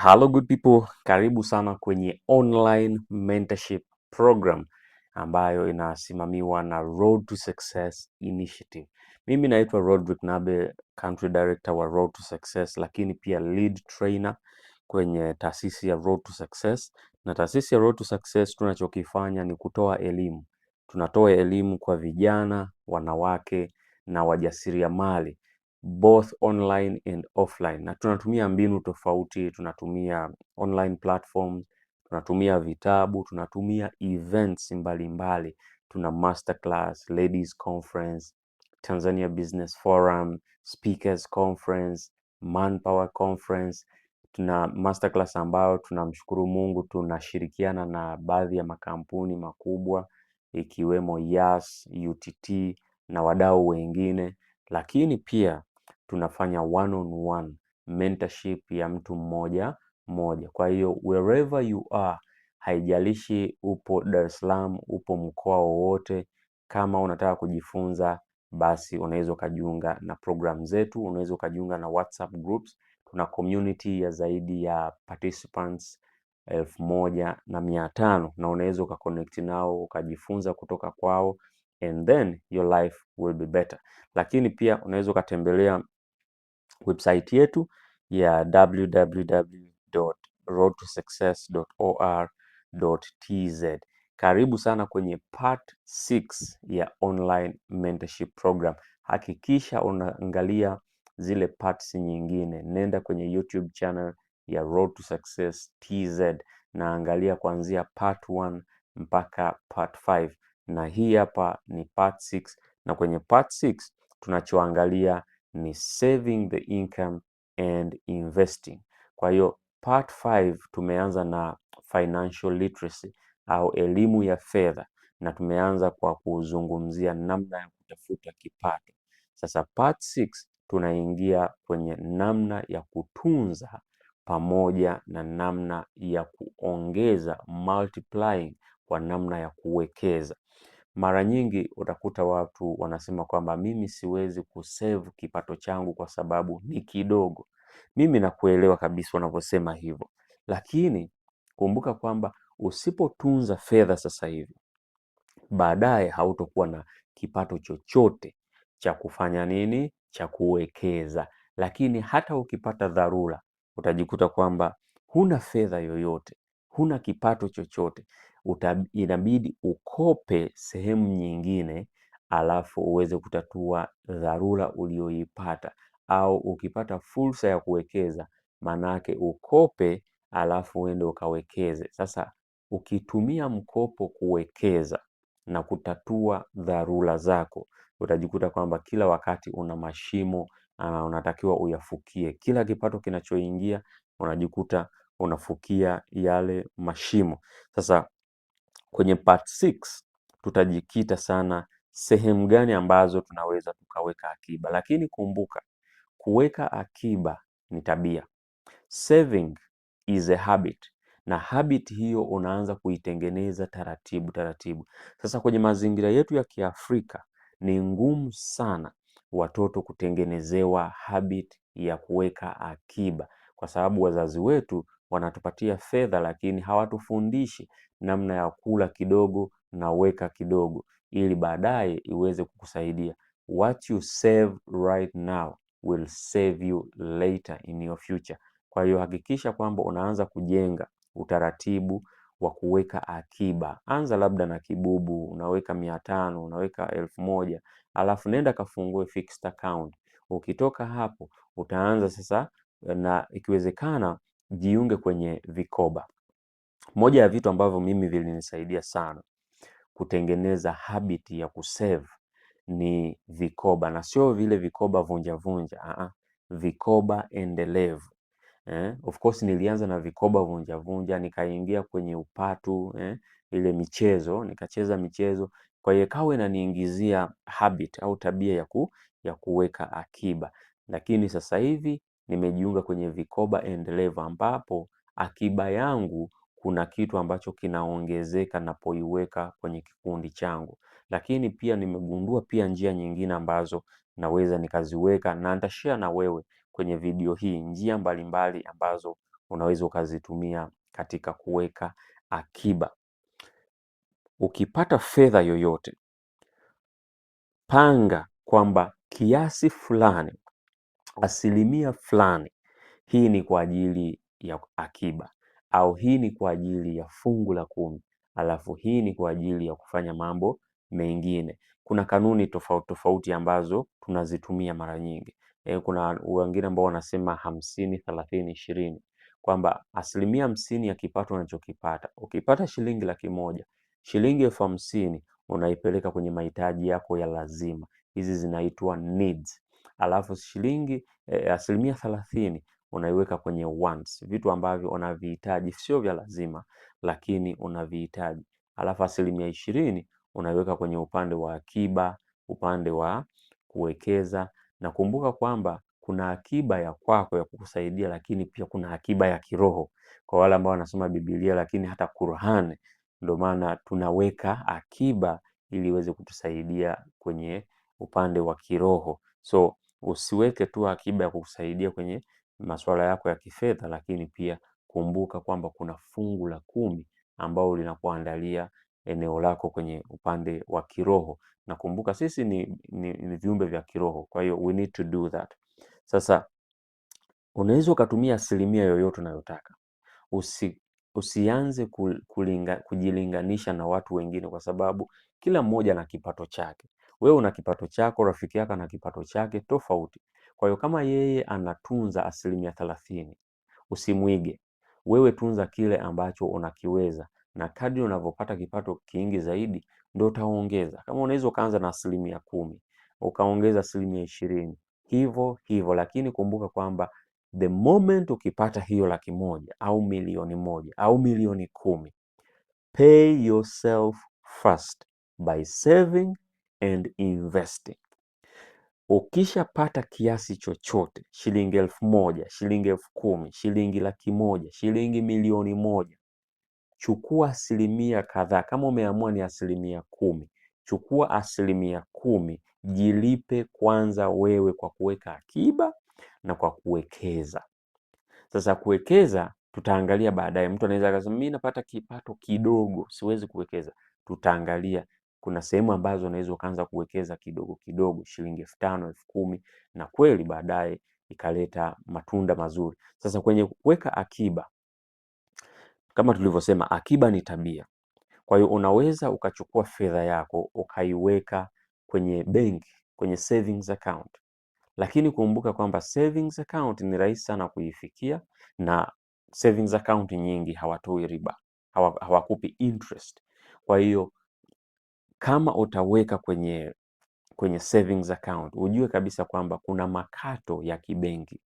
Hello good people, karibu sana kwenye online mentorship program ambayo inasimamiwa na Road to Success Initiative. Mimi naitwa Rodrick Nabe, Country Director wa Road to Success, lakini pia lead trainer kwenye taasisi ya Road to Success. Na taasisi ya Road to Success tunachokifanya ni kutoa elimu. Tunatoa elimu kwa vijana, wanawake na wajasiriamali both online and offline, na tunatumia mbinu tofauti. Tunatumia online platforms, tunatumia vitabu, tunatumia events mbalimbali, mbali. tuna masterclass, ladies conference, Tanzania Business Forum, speakers conference, manpower conference. Tuna masterclass ambayo tunamshukuru Mungu tunashirikiana na baadhi ya makampuni makubwa ikiwemo Yas, UTT na wadau wengine, lakini pia tunafanya one on one mentorship ya mtu mmoja mmoja. Kwa hiyo wherever you are, haijalishi upo Dar es Salaam, upo mkoa wowote, kama unataka kujifunza, basi unaweza ukajiunga na program zetu, unaweza ukajiunga na WhatsApp groups. Tuna community ya zaidi ya participants elfu moja na mia tano na unaweza ukaconnect nao ukajifunza kutoka kwao, and then your life will be better. Lakini pia unaweza ukatembelea website yetu ya www.roadtosuccess.or.tz. Karibu sana kwenye part 6 ya online mentorship program. Hakikisha unaangalia zile parts nyingine, nenda kwenye YouTube channel ya Road to Success TZ na angalia kuanzia part 1 mpaka part 5, na hii hapa ni part 6, na kwenye part 6 tunachoangalia ni saving the income and investing. Kwa hiyo part 5 tumeanza na financial literacy au elimu ya fedha na tumeanza kwa kuzungumzia namna ya kutafuta kipato. Sasa part 6 tunaingia kwenye namna ya kutunza pamoja na namna ya kuongeza multiplying kwa namna ya kuwekeza. Mara nyingi utakuta watu wanasema kwamba mimi siwezi kusevu kipato changu kwa sababu ni kidogo. Mimi nakuelewa kabisa unavyosema hivyo. Lakini kumbuka kwamba usipotunza fedha sasa hivi. Baadaye hautokuwa na kipato chochote cha kufanya nini? Cha kuwekeza. Lakini hata ukipata dharura utajikuta kwamba huna fedha yoyote, huna kipato chochote uta, inabidi ukope sehemu nyingine alafu uweze kutatua dharura ulioipata, au ukipata fursa ya kuwekeza, manake ukope alafu uende ukawekeze. Sasa ukitumia mkopo kuwekeza na kutatua dharura zako, utajikuta kwamba kila wakati una mashimo uh, unatakiwa uyafukie. Kila kipato kinachoingia unajikuta unafukia yale mashimo. Sasa Kwenye part 6 tutajikita sana sehemu gani ambazo tunaweza tukaweka akiba, lakini kumbuka kuweka akiba ni tabia. Saving is a habit na habit hiyo unaanza kuitengeneza taratibu taratibu. Sasa kwenye mazingira yetu ya Kiafrika ni ngumu sana watoto kutengenezewa habit ya kuweka akiba, kwa sababu wazazi wetu wanatupatia fedha, lakini hawatufundishi namna ya kula kidogo na weka kidogo, ili baadaye iweze kukusaidia. What you save right now will save you later in your future. Kwa hiyo hakikisha kwamba unaanza kujenga utaratibu wa kuweka akiba. Anza labda na kibubu, unaweka mia tano, unaweka elfu moja, alafu nenda kafungue fixed account. Ukitoka hapo utaanza sasa, na ikiwezekana jiunge kwenye vikoba. Moja ya vitu ambavyo mimi vilinisaidia sana kutengeneza habit ya kusave ni vikoba, na sio vile vikoba vunja vunja, aha, vikoba endelevu. Eh, of course nilianza na vikoba vunja vunja, nikaingia kwenye upatu eh, ile michezo, nikacheza michezo. Kwa hiyo kawe naniingizia habit au tabia ya ku, ya kuweka akiba, lakini sasa hivi nimejiunga kwenye vikoba endelevu ambapo akiba yangu kuna kitu ambacho kinaongezeka napoiweka kwenye kikundi changu. Lakini pia nimegundua pia njia nyingine ambazo naweza nikaziweka na nitashare na wewe kwenye video hii njia mbalimbali ambazo unaweza ukazitumia katika kuweka akiba. Ukipata fedha yoyote, panga kwamba kiasi fulani asilimia fulani, hii ni kwa ajili ya akiba au hii ni kwa ajili ya fungu la kumi, alafu hii ni kwa ajili ya kufanya mambo mengine. Kuna kanuni tofauti tofauti ambazo tunazitumia mara nyingi. E, kuna wengine ambao wanasema hamsini thelathini ishirini kwamba asilimia hamsini ya kipato unachokipata ukipata shilingi laki moja shilingi elfu hamsini unaipeleka kwenye mahitaji yako ya lazima. Hizi zinaitwa needs alafu shilingi eh, asilimia thelathini unaiweka kwenye wants, vitu ambavyo unavihitaji sio vya lazima, lakini unavihitaji. Alafu asilimia ishirini unaiweka kwenye upande wa akiba, upande wa kuwekeza, na kumbuka kwamba kuna akiba ya kwako ya kukusaidia, lakini pia kuna akiba ya kiroho kwa wale ambao wanasoma Biblia, lakini hata Qur'an. Ndio maana tunaweka akiba ili iweze kutusaidia kwenye upande wa kiroho. So usiweke tu akiba ya kukusaidia kwenye masuala yako ya kifedha, lakini pia kumbuka kwamba kuna fungu la kumi ambao linakuandalia eneo lako kwenye upande wa kiroho, na kumbuka sisi ni, ni, ni viumbe vya kiroho, kwa hiyo we need to do that. Sasa unaweza ukatumia asilimia yoyote unayotaka usi, usianze kulinga, kujilinganisha na watu wengine, kwa sababu kila mmoja na kipato chake. Wewe una kipato chako, rafiki yako ana kipato chake tofauti. Kwa hiyo kama yeye anatunza asilimia thelathini, usimwige wewe. Tunza kile ambacho unakiweza, na kadri unavyopata kipato kingi zaidi ndio utaongeza. Kama unaweza ukaanza na asilimia kumi ukaongeza asilimia ishirini hivyo hivyo, lakini kumbuka kwamba the moment ukipata hiyo laki moja au milioni moja au milioni kumi, pay yourself first by saving and investing. Ukishapata kiasi chochote, shilingi elfu moja, shilingi elfu kumi, shilingi laki moja, shilingi milioni moja, chukua asilimia kadhaa. Kama umeamua ni asilimia kumi, chukua asilimia kumi, jilipe kwanza wewe kwa kuweka akiba na kwa kuwekeza. Sasa kuwekeza tutaangalia baadaye. Mtu anaweza akasema mimi napata kipato kidogo, siwezi kuwekeza. Tutaangalia kuna sehemu ambazo unaweza ukaanza kuwekeza kidogo kidogo, shilingi elfu tano elfu kumi na kweli baadaye ikaleta matunda mazuri. Sasa kwenye kuweka akiba, kama tulivyosema, akiba ni tabia. Kwa hiyo unaweza ukachukua fedha yako ukaiweka kwenye benki, kwenye savings account, lakini kumbuka kwamba savings account ni rahisi sana kuifikia, na savings account nyingi hawatoi riba, hawakupi interest. Kwa hiyo kama utaweka kwenye kwenye savings account ujue kabisa kwamba kuna makato ya kibenki,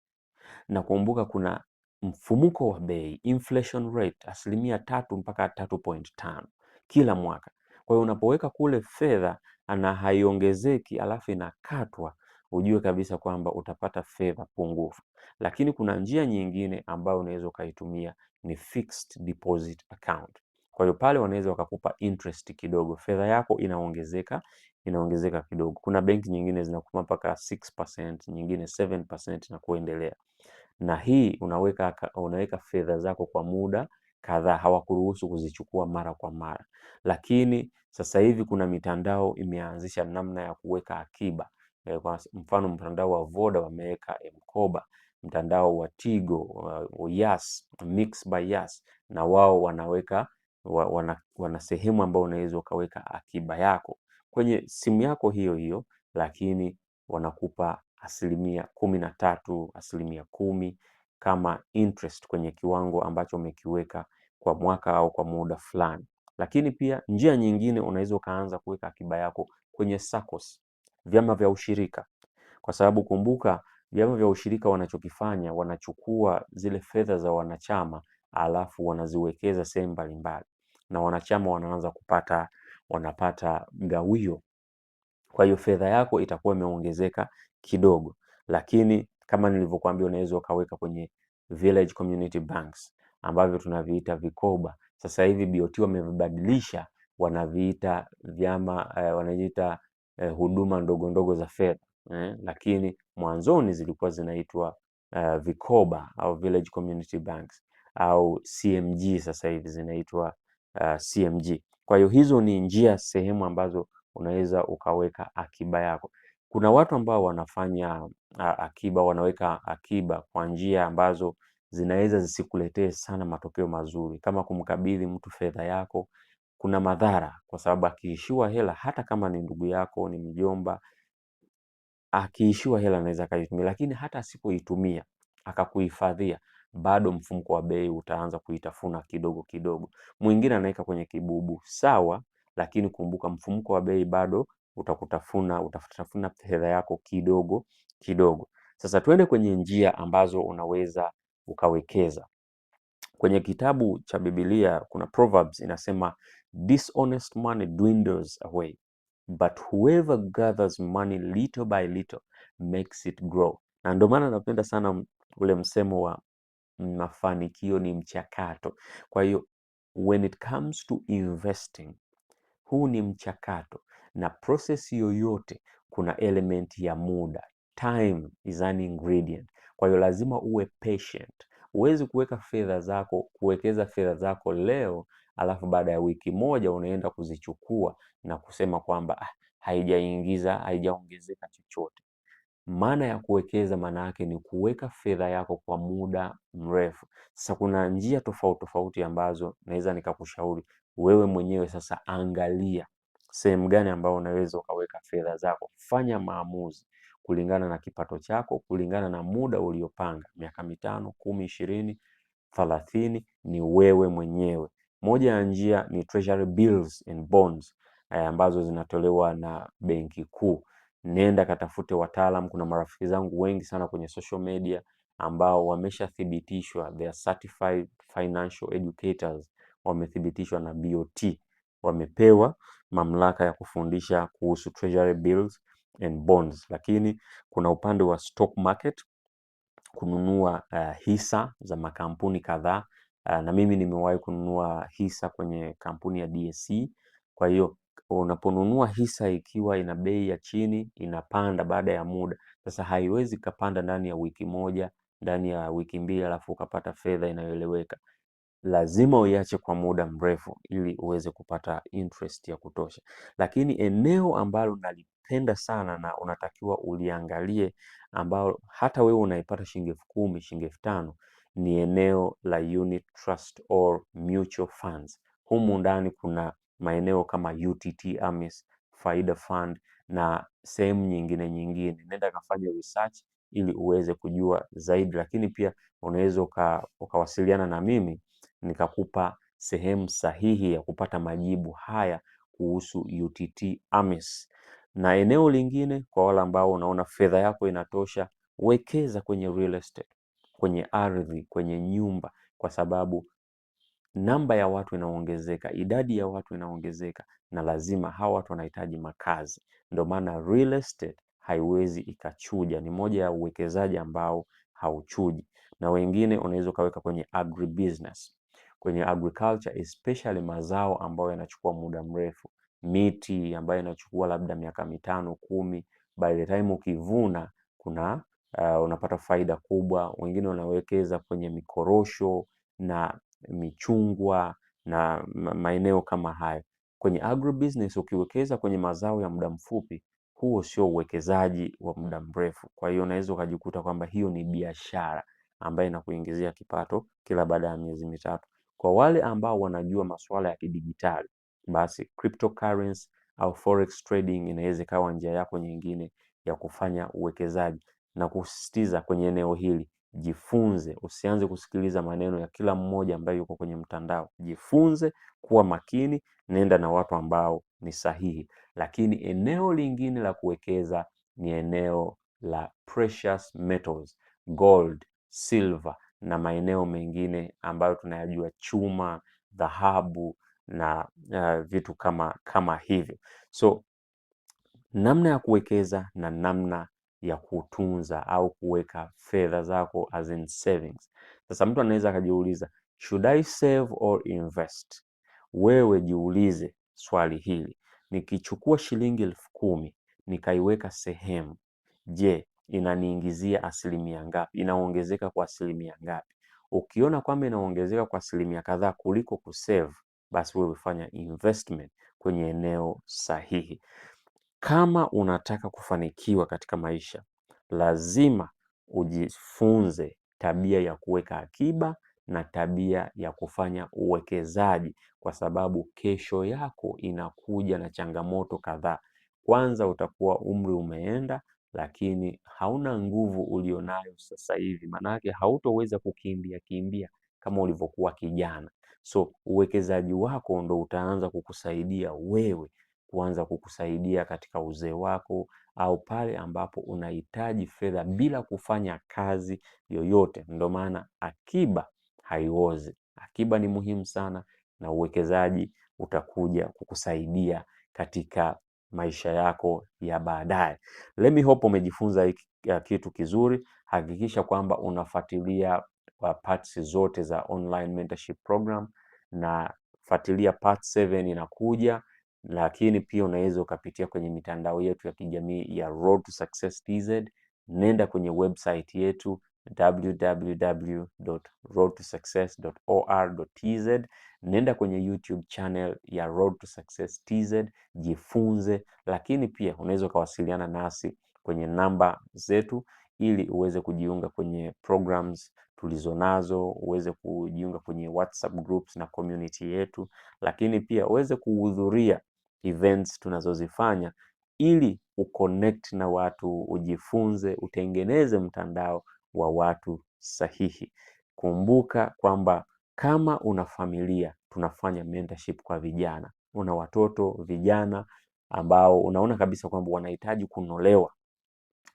na kumbuka kuna mfumuko wa bei inflation rate asilimia tatu mpaka tatu point tano kila mwaka. Kwa hiyo unapoweka kule fedha na haiongezeki alafu inakatwa, ujue kabisa kwamba utapata fedha pungufu. Lakini kuna njia nyingine ambayo unaweza ukaitumia ni fixed deposit account. Kwa hiyo pale wanaweza wakakupa interest kidogo, fedha yako inaongezeka inaongezeka kidogo. Kuna benki nyingine zinakupa mpaka 6%, nyingine 7% na kuendelea, na hii unaweka, unaweka fedha zako kwa muda kadhaa, hawakuruhusu kuzichukua mara kwa mara. Lakini sasa hivi kuna mitandao imeanzisha namna ya kuweka akiba. Eh, kwa mfano mtandao wa Voda wameweka mkoba, mtandao wa Tigo, Yas, Mix by Yas na wao wanaweka wana, wana sehemu ambayo unaweza ukaweka akiba yako kwenye simu yako hiyo hiyo, lakini wanakupa asilimia kumi na tatu asilimia kumi kama interest kwenye kiwango ambacho umekiweka kwa mwaka au kwa muda fulani. Lakini pia njia nyingine, unaweza ukaanza kuweka akiba yako kwenye SACCOS, vyama vya ushirika, kwa sababu kumbuka, vyama vya ushirika wanachokifanya, wanachukua zile fedha za wanachama alafu wanaziwekeza sehemu mbalimbali na wanachama wanaanza kupata wanapata mgawio. Kwa hiyo fedha yako itakuwa imeongezeka kidogo, lakini kama nilivyokuambia, unaweza ukaweka kwenye village community banks ambavyo tunaviita vikoba. Sasa hivi BOT wamevibadilisha, wanaviita vyama eh, wanajiita eh, huduma ndogo ndogo za fedha eh, lakini mwanzoni zilikuwa zinaitwa uh, vikoba au village community banks au CMG, sasa hivi zinaitwa uh, CMG. Kwa hiyo hizo ni njia sehemu ambazo unaweza ukaweka akiba yako. Kuna watu ambao wanafanya uh, akiba, wanaweka akiba kwa njia ambazo zinaweza zisikuletee sana matokeo mazuri, kama kumkabidhi mtu fedha yako. Kuna madhara, kwa sababu akiishiwa hela, hata kama ni ndugu yako, ni mjomba, akiishiwa hela anaweza akaitumia, lakini hata asipoitumia akakuhifadhia bado mfumko wa bei utaanza kuitafuna kidogo kidogo. Mwingine anaweka kwenye kibubu sawa, lakini kumbuka mfumko wa bei bado utakutafuna, utatafuna fedha yako kidogo kidogo. Sasa tuende kwenye njia ambazo unaweza ukawekeza. Kwenye kitabu cha Biblia kuna Proverbs inasema, dishonest money dwindles away but whoever gathers money little by little makes it grow. Na ndio maana napenda sana ule msemo wa mafanikio ni mchakato. Kwa hiyo when it comes to investing, huu ni mchakato na process yoyote kuna element ya muda. Time is an ingredient. Kwa hiyo lazima uwe patient. Huwezi kuweka fedha zako, kuwekeza fedha zako leo alafu baada ya wiki moja unaenda kuzichukua na kusema kwamba ah, haijaingiza haijaongezeka chochote. Maana ya kuwekeza maana yake ni kuweka fedha yako kwa muda mrefu. Sasa kuna njia tofauti tofauti ambazo naweza nikakushauri wewe mwenyewe. Sasa angalia sehemu gani ambayo unaweza ukaweka fedha zako, fanya maamuzi kulingana na kipato chako, kulingana na muda uliopanga, miaka mitano, kumi, ishirini, thalathini, ni wewe mwenyewe. Moja ya njia ni treasury bills and bonds eh, ambazo zinatolewa na benki kuu nenda katafute wataalam. Kuna marafiki zangu wengi sana kwenye social media ambao wameshathibitishwa, they are certified financial educators, wamethibitishwa na BOT, wamepewa mamlaka ya kufundisha kuhusu treasury bills and bonds. Lakini kuna upande wa stock market, kununua uh, hisa za makampuni kadhaa uh, na mimi nimewahi kununua hisa kwenye kampuni ya DSE. Kwa hiyo unaponunua hisa ikiwa ina bei ya chini, inapanda baada ya muda. Sasa haiwezi kapanda ndani ya wiki moja, ndani ya wiki mbili, alafu ukapata fedha inayoeleweka. Lazima uiache kwa muda mrefu ili uweze kupata interest ya kutosha. Lakini eneo ambalo nalipenda sana na unatakiwa uliangalie, ambao hata wewe unaipata shilingi elfu kumi, shilingi elfu tano ni eneo la unit trust or mutual funds. Humu ndani kuna maeneo kama UTT AMIS, Faida Fund na sehemu nyingine nyingine. Nenda kafanya research ili uweze kujua zaidi, lakini pia unaweza ukawasiliana na mimi nikakupa sehemu sahihi ya kupata majibu haya kuhusu UTT AMIS. Na eneo lingine kwa wale ambao unaona fedha yako inatosha, wekeza kwenye real estate, kwenye ardhi, kwenye nyumba kwa sababu namba ya watu inaongezeka, idadi ya watu inaongezeka, na lazima hawa watu wanahitaji makazi. Ndio maana real estate haiwezi ikachuja, ni moja ya uwekezaji ambao hauchuji. Na wengine unaweza ukaweka kwenye agribusiness, kwenye agriculture, especially mazao ambayo yanachukua muda mrefu, miti ambayo inachukua labda miaka mitano kumi, by the time ukivuna kuna uh, unapata faida kubwa. Wengine wanawekeza kwenye mikorosho na michungwa na maeneo kama hayo. Kwenye agribusiness ukiwekeza kwenye mazao ya muda mfupi, huo sio uwekezaji wa muda mrefu. Kwa hiyo unaweza ukajikuta kwamba hiyo ni biashara ambayo inakuingizia kipato kila baada ya miezi mitatu. Kwa wale ambao wanajua masuala ya kidijitali, basi cryptocurrency au forex trading inaweza ikawa njia yako nyingine ya kufanya uwekezaji na kusisitiza kwenye eneo hili Jifunze, usianze kusikiliza maneno ya kila mmoja ambaye yuko kwenye mtandao. Jifunze kuwa makini, nenda na watu ambao ni sahihi. Lakini eneo lingine la kuwekeza ni eneo la precious metals, gold, silver na maeneo mengine ambayo tunayajua, chuma, dhahabu na uh, vitu kama, kama hivyo. So namna ya kuwekeza na namna ya kutunza au kuweka fedha zako as in savings. Sasa mtu anaweza akajiuliza should I save or invest? Wewe jiulize swali hili, nikichukua shilingi elfu kumi nikaiweka sehemu, je, inaniingizia asilimia ngapi? Inaongezeka kwa asilimia ngapi? Ukiona kwamba inaongezeka kwa asilimia kadhaa kuliko kusave, basi wewe fanya investment kwenye eneo sahihi. Kama unataka kufanikiwa katika maisha, lazima ujifunze tabia ya kuweka akiba na tabia ya kufanya uwekezaji, kwa sababu kesho yako inakuja na changamoto kadhaa. Kwanza utakuwa umri umeenda, lakini hauna nguvu ulionayo sasa hivi, maanake hautoweza kukimbia kimbia kama ulivyokuwa kijana. So uwekezaji wako ndo utaanza kukusaidia wewe kuanza kukusaidia katika uzee wako au pale ambapo unahitaji fedha bila kufanya kazi yoyote. Ndio maana akiba haiozi. Akiba ni muhimu sana na uwekezaji utakuja kukusaidia katika maisha yako ya baadaye. Let me hope umejifunza uh, kitu kizuri. Hakikisha kwamba unafuatilia uh, parts zote za online mentorship program na fuatilia part 7 inakuja lakini pia unaweza ukapitia kwenye mitandao yetu ya kijamii ya Road to Success TZ. Nenda kwenye website yetu www.roadtosuccess.or.tz. Nenda kwenye YouTube channel ya Road to Success TZ, jifunze, lakini pia unaweza ukawasiliana nasi kwenye namba zetu ili uweze kujiunga kwenye programs tulizonazo, uweze kujiunga kwenye WhatsApp groups na community yetu, lakini pia uweze kuhudhuria events tunazozifanya ili uconnect na watu, ujifunze, utengeneze mtandao wa watu sahihi. Kumbuka kwamba kama una familia, tunafanya mentorship kwa vijana. Una watoto vijana ambao unaona kabisa kwamba wanahitaji kunolewa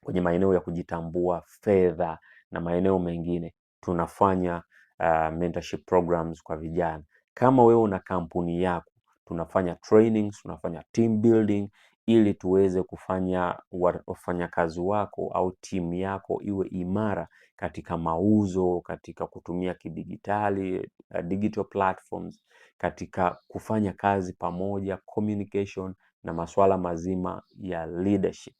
kwenye maeneo ya kujitambua, fedha na maeneo mengine, tunafanya uh, mentorship programs kwa vijana. Kama wewe una kampuni yako tunafanya trainings, tunafanya team building ili tuweze kufanya wafanyakazi wako au timu yako iwe imara katika mauzo, katika kutumia kidigitali, uh, digital platforms, katika kufanya kazi pamoja, communication na masuala mazima ya leadership.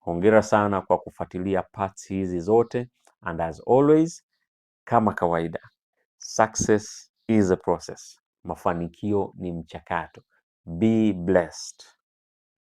Hongera sana kwa kufuatilia parts hizi zote and as always, kama kawaida, success is a process. Mafanikio ni mchakato. Be blessed.